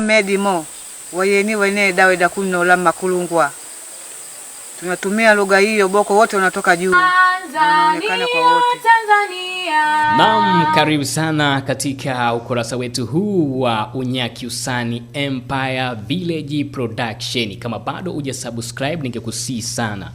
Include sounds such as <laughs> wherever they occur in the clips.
medimo wayeni wene dawe dakuni na ulama makulungwa. Tunatumia lugha hiyo, boko wote wanatoka juu, nam karibu sana katika ukurasa wetu huu wa Unyaki Usani Empire Village Production. Kama bado hujasubscribe, ningekusii sana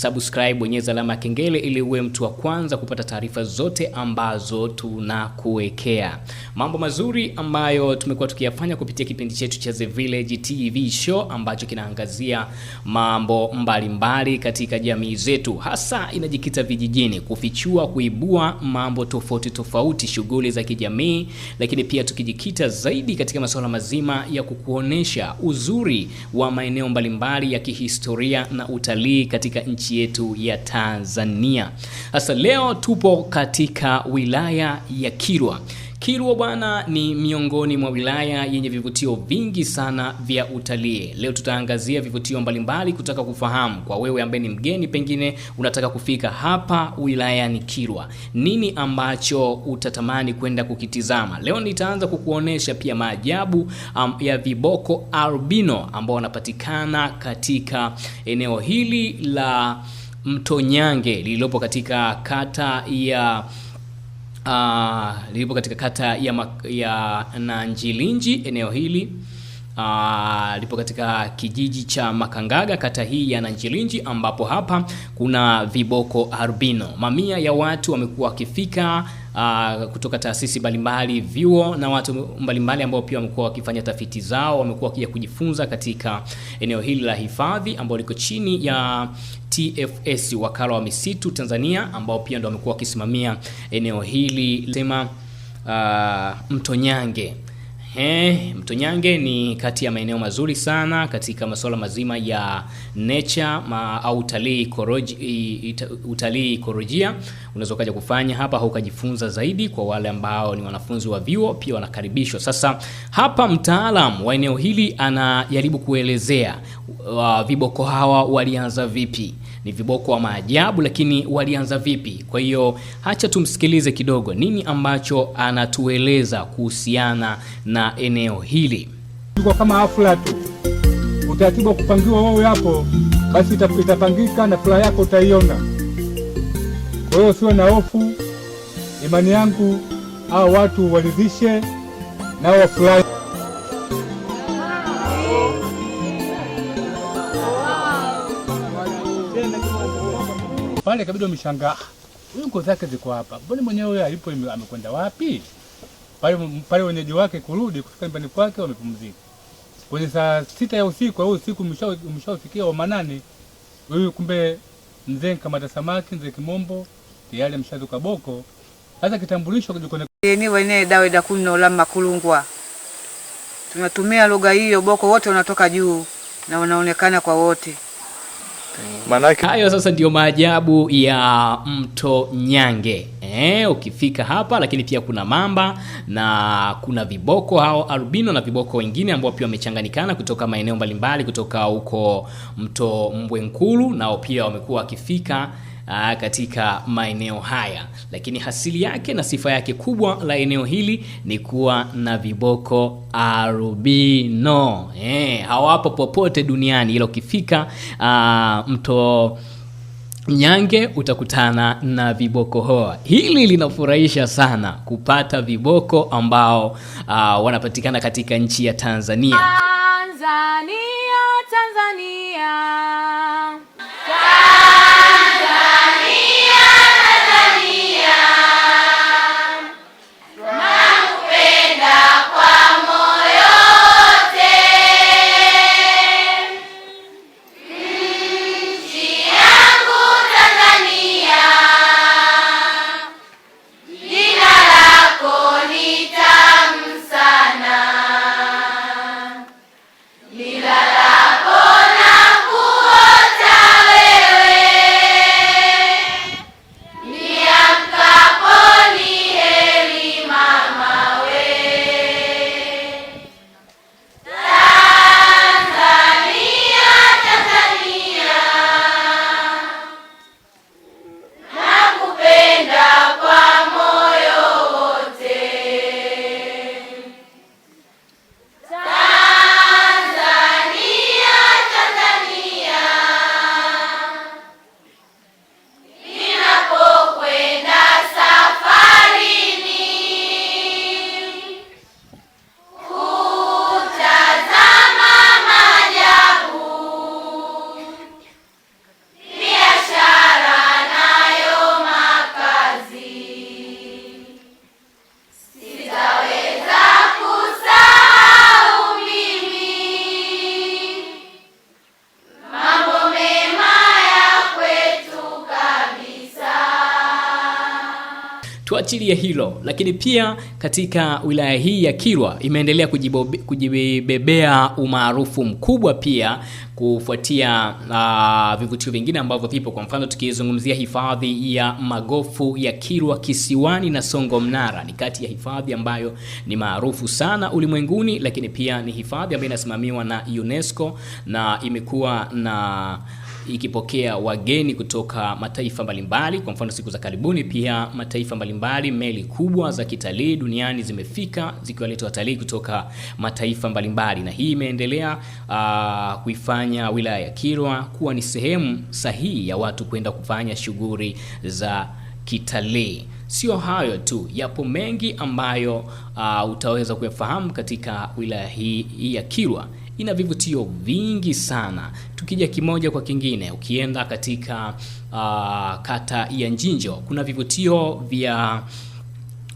subscribe, bonyeza alama ya kengele ili uwe mtu wa kwanza kupata taarifa zote ambazo tunakuwekea. Mambo mazuri ambayo tumekuwa tukiyafanya kupitia kipindi chetu cha The Village TV Show ambacho kinaangazia mambo mbalimbali mbali katika jamii zetu, hasa inajikita vijijini, kufichua, kuibua mambo tofauti tofauti, shughuli za kijamii, lakini pia tukijikita zaidi katika masuala mazima ya kukuonesha uzuri wa maeneo mbalimbali ya kihistoria na utalii katika nchi nchi yetu ya Tanzania. Sasa leo tupo katika wilaya ya Kilwa. Kilwa bwana ni miongoni mwa wilaya yenye vivutio vingi sana vya utalii. Leo tutaangazia vivutio mbalimbali kutaka kufahamu kwa wewe ambaye ni mgeni, pengine unataka kufika hapa wilayani Kilwa, nini ambacho utatamani kwenda kukitizama. Leo nitaanza kukuonesha pia maajabu um, ya viboko albino ambao wanapatikana katika eneo hili la Mtonyange lililopo katika kata ya uh, ah, lilipo katika kata ya, ya Nanjilinji eneo hili Ah, lipo katika kijiji cha Makangaga, kata hii ya Nanjilinji ambapo hapa kuna viboko arbino. Mamia ya watu wamekuwa wakifika Aa, ah, kutoka taasisi mbalimbali, vyuo na watu mbalimbali ambao pia wamekuwa wakifanya tafiti zao, wamekuwa wakija kujifunza katika eneo hili la hifadhi ambao liko chini ya TFS, wakala wa misitu Tanzania, ambao pia ndio wamekuwa wakisimamia eneo hili sema, ah, Mtonyange He, eh, Mtonyange ni kati ya maeneo mazuri sana katika masuala mazima ya nature ma, au utalii ikoroji, utalii ikolojia unaweza ukaja kufanya hapa au ukajifunza zaidi. Kwa wale ambao ni wanafunzi wa vyuo pia wanakaribishwa. Sasa hapa mtaalam wa eneo hili anajaribu kuelezea viboko hawa walianza vipi ni viboko wa maajabu, lakini walianza vipi? Kwa hiyo hacha tumsikilize kidogo, nini ambacho anatueleza kuhusiana na eneo hili. Tuko kama hafla tu, utaratibu wa kupangiwa wao yapo basi itapangika na furaha yako utaiona. Kwa hiyo usiwe na hofu, imani yangu hao watu waridhishe nao wafurahi. pale, kabidi umeshangaa. huyu nguo zake ziko hapa, mbona mwenyewe huyo alipo amekwenda wapi? Pale pale wenyeji wake kurudi kufika nyumbani kwake wamepumzika kwenye saa sita ya usiku au usiku umeshafikia wa manane, huyu kumbe mzee kamata samaki, mzee Kimombo tayari ameshazuka boko. Sasa kitambulisho kijikone ni wenyewe dawa da kumi na ulama kulungwa, tunatumia lugha hiyo, boko wote wanatoka juu na wanaonekana kwa wote. Manake hayo sasa ndio maajabu ya mto Nyange. e, ukifika hapa lakini pia kuna mamba na kuna viboko hao albino na viboko wengine ambao pia wamechanganikana kutoka maeneo mbalimbali kutoka huko mto Mbwenkulu nao pia wamekuwa wakifika aa, katika maeneo haya, lakini hasili yake na sifa yake kubwa la eneo hili ni kuwa na viboko arubino eh, hawapo popote duniani, ila ukifika mto Nyange utakutana na viboko hoa. Hili linafurahisha sana kupata viboko ambao uh, wanapatikana katika nchi ya Tanzania. Tanzania, Tanzania. ajili ya hilo, lakini pia katika wilaya hii ya kirwa imeendelea kujibebea umaarufu mkubwa pia kufuatia uh, vivutio vingine ambavyo vipo. Kwa mfano tukizungumzia hifadhi ya magofu ya kirwa Kisiwani na Songo Mnara, ni kati ya hifadhi ambayo ni maarufu sana ulimwenguni, lakini pia ni hifadhi ambayo inasimamiwa na UNESCO na imekuwa na ikipokea wageni kutoka mataifa mbalimbali. Kwa mfano, siku za karibuni pia mataifa mbalimbali, meli kubwa za kitalii duniani zimefika zikiwaleta watalii kutoka mataifa mbalimbali, na hii imeendelea uh, kuifanya wilaya ya Kilwa kuwa ni sehemu sahihi ya watu kwenda kufanya shughuli za kitalii. Sio hayo tu, yapo mengi ambayo uh, utaweza kuyafahamu katika wilaya hii ya Kilwa ina vivutio vingi sana. Tukija kimoja kwa kingine, ukienda katika uh, kata ya Njinjo kuna vivutio vya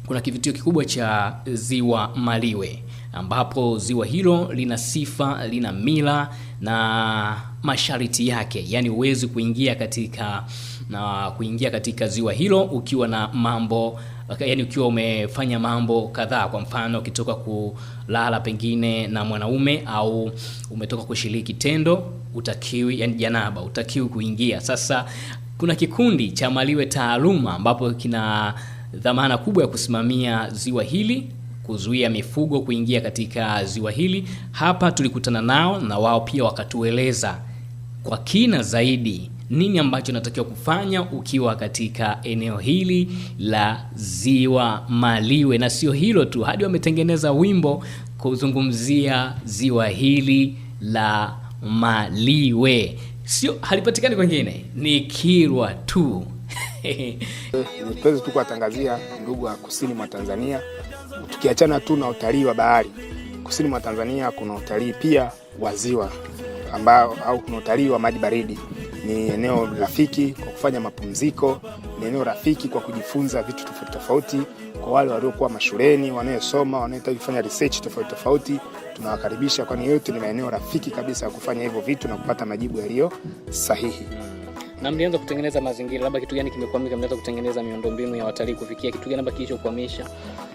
kuna kivutio kikubwa cha ziwa Maliwe ambapo ziwa hilo lina sifa, lina mila na masharti yake, yaani huwezi kuingia katika na ah, kuingia katika ziwa hilo ukiwa na mambo yani ukiwa umefanya mambo kadhaa, kwa mfano ukitoka kulala pengine na mwanaume au umetoka kushiriki tendo, utakiwi yani janaba, utakiwi kuingia. Sasa kuna kikundi cha Maliwe Taaluma ambapo kina dhamana kubwa ya kusimamia ziwa hili kuzuia mifugo kuingia katika ziwa hili. Hapa tulikutana nao na wao pia wakatueleza kwa kina zaidi nini ambacho unatakiwa kufanya ukiwa katika eneo hili la Ziwa Maliwe. Na sio hilo tu, hadi wametengeneza wimbo kuzungumzia ziwa hili la Maliwe, sio halipatikani kwengine, ni kirwa tu. Nipende <laughs> tu kuwatangazia ndugu wa kusini mwa Tanzania, tukiachana tu na utalii wa bahari, kusini mwa Tanzania kuna utalii pia wa ziwa ambao au kuna utalii wa maji baridi. Ni eneo rafiki kwa kufanya mapumziko, ni eneo rafiki kwa kujifunza vitu tofauti tofauti. Kwa wale waliokuwa mashuleni, wanayosoma, wanayohitaji kufanya research tofauti tofauti, tunawakaribisha, kwani yote ni maeneo rafiki kabisa ya kufanya hivyo vitu na kupata majibu yaliyo sahihi. Na mlianza kutengeneza mazingira, labda kitu gani kimekwamika? Mlianza kutengeneza miundombinu ya watalii kufikia kitu gani ambacho kilichokwamisha?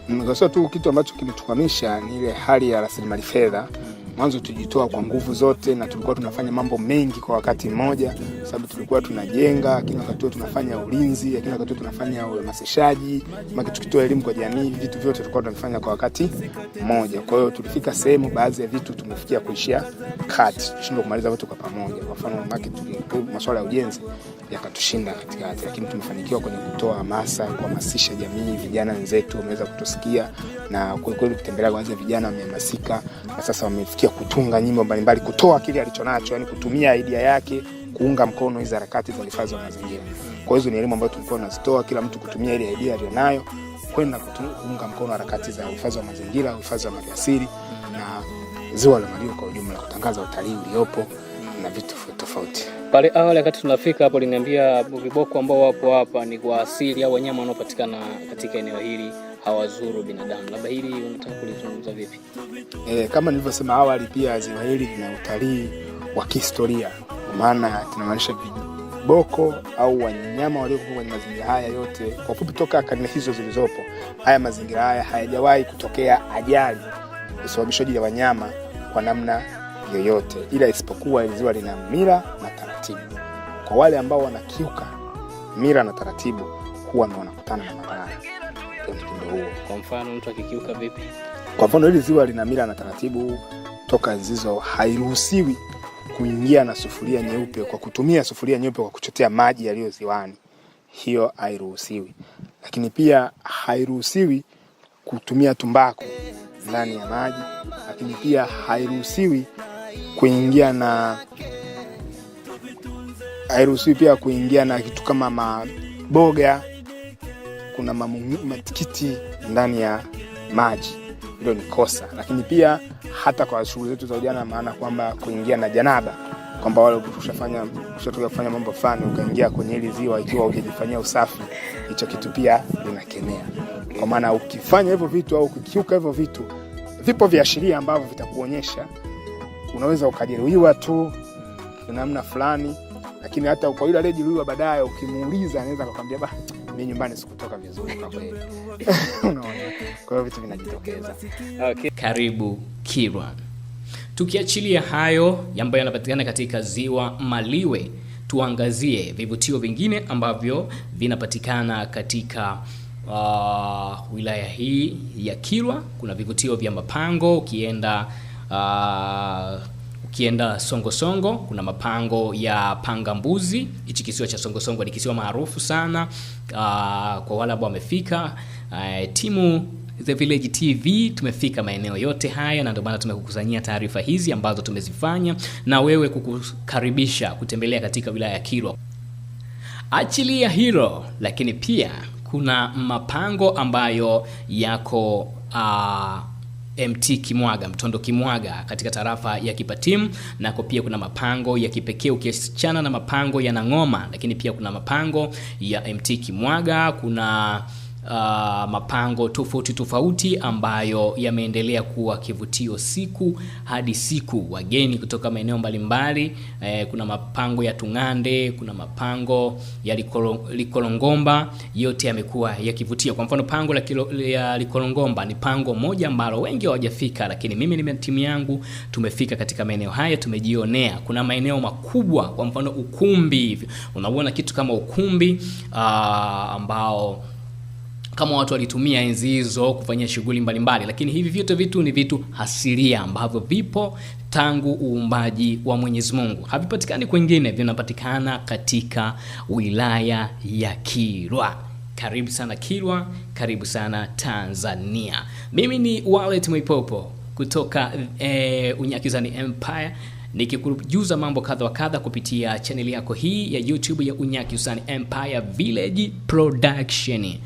Mm, Sio tu kitu ambacho kimetukwamisha ni ile hali ya rasilimali fedha mwanzo tujitoa kwa nguvu zote, na tulikuwa tunafanya mambo mengi kwa wakati mmoja sababu tulikuwa tunajenga, lakini wakati huo tunafanya ulinzi, lakini wakati huo tunafanya uhamasishaji, maki tukitoa elimu kwa jamii, vitu vyote tulikuwa tunafanya kwa wakati mmoja. Kwa hiyo tulifika sehemu, baadhi ya vitu tumefikia kuishia kati, tushindwa kumaliza vitu kwa pamoja. Kwa mfano, maki masuala ya ujenzi yakatushinda katikati, lakini tumefanikiwa kwenye kutoa hamasa, kuhamasisha jamii. Vijana wenzetu wameweza kutusikia na kwelikweli, kutembelea kwanza, vijana wamehamasika, na sasa wamefikia kutunga nyimbo mbalimbali, kutoa kile alichonacho, yani kutumia idea yake kuunga mkono hizi harakati za uhifadhi wa mazingira. Kwa hizo ni elimu ambayo tulikuwa tunazitoa, kila mtu kutumia ile idea aliyonayo kwenda kuunga mkono harakati za uhifadhi wa mazingira, uhifadhi wa maliasili na ziwa la Malio kwa ujumla, kutangaza utalii uliopo na vitu tofauti. Pale awali wakati tunafika hapo, liniambia viboko ambao wapo hapa ni kwa asili au wanyama wanaopatikana katika eneo hili hawazuru binadamu. Labda hili unataka kulizungumza vipi? E, kama nilivyosema awali, pia ziwa hili lina utalii wa kihistoria kwa maana tunamaanisha viboko au wanyama waliokuwa kwenye mazingira haya yote kwa ufupi toka karne hizo zilizopo, haya mazingira haya hayajawahi kutokea ajali usababishaji ya wanyama kwa namna yoyote, ila isipokuwa ziwa lina mila na taratibu. Kwa wale ambao wanakiuka mila na taratibu, huwa ndio wanakutana na madhara kwa mtindo huo. Kwa mfano mtu akikiuka vipi? Kwa mfano hili ziwa lina mila na taratibu toka zizo, hairuhusiwi kuingia na sufuria nyeupe kwa kutumia sufuria nyeupe kwa kuchotea maji yaliyo ziwani, hiyo hairuhusiwi. Lakini pia hairuhusiwi kutumia tumbaku ndani ya maji, lakini pia hairuhusiwi kuingia na hairuhusiwi pia kuingia na kitu kama maboga, kuna matikiti ndani ya maji, hilo ni kosa. Lakini pia hata kwa shughuli zetu za ujana, maana kwamba kuingia na janaba kwamba wale ukishafanya ukishatoka kufanya mambo fulani ukaingia kwenye hili ziwa ikiwa hujajifanyia usafi, hicho kitu pia linakemea. Kwa maana ukifanya hivyo vitu au ukikiuka hivyo vitu, vipo viashiria ambavyo vitakuonyesha, unaweza ukajeruhiwa tu kwa namna fulani, lakini hata kwa yule aliyejeruhiwa baadaye ukimuuliza, anaweza akakwambia, ba, mimi nyumbani sikutoka vizuri kwa kweli. <laughs> Unaona. Kwa hiyo vitu vinajitokeza. Okay. Karibu kirwa Tukiachilia hayo ambayo yanapatikana katika ziwa Maliwe, tuangazie vivutio vingine ambavyo vinapatikana katika uh, wilaya hii ya kirwa Kuna vivutio vya mapango ukienda uh, ukienda Songosongo songo, kuna mapango ya panga mbuzi. Hichi kisiwa cha Songosongo ni kisiwa maarufu sana uh, kwa wale ambao wamefika uh, timu The Village TV tumefika maeneo yote haya, na ndio maana tumekukusanyia taarifa hizi ambazo tumezifanya na wewe kukukaribisha kutembelea katika wilaya ya Kilwa. Achilia hilo, lakini pia kuna mapango ambayo yako uh, ah, MT Kimwaga Mtondo Kimwaga katika tarafa ya Kipatimu, nako pia kuna mapango ya kipekee ukiachana na mapango ya Nang'oma, lakini pia kuna mapango ya MT Kimwaga, kuna uh, mapango tofauti tofauti ambayo yameendelea kuwa kivutio siku hadi siku, wageni kutoka maeneo mbalimbali eh, kuna mapango ya Tung'ande, kuna mapango ya Likolo, Likolongomba, yote yamekuwa yakivutia. Kwa mfano pango la kilo, ya Likolongomba ni pango moja ambalo wengi hawajafika, lakini mimi na timu yangu tumefika katika maeneo haya, tumejionea. Kuna maeneo makubwa, kwa mfano ukumbi, hivyo unaona kitu kama ukumbi uh, ambao kama watu walitumia enzi hizo kufanyia shughuli mbalimbali, lakini hivi vyote vitu ni vitu asilia ambavyo vipo tangu uumbaji wa Mwenyezi Mungu, havipatikani kwingine, vinapatikana katika wilaya ya Kilwa. Karibu sana Kilwa, karibu sana Tanzania. Mimi ni Wallet Mwipopo kutoka e, Unyakizani Empire nikikujuza mambo kadha wa kadha kupitia chaneli yako hii ya YouTube ya Unyakizani Empire Village Production.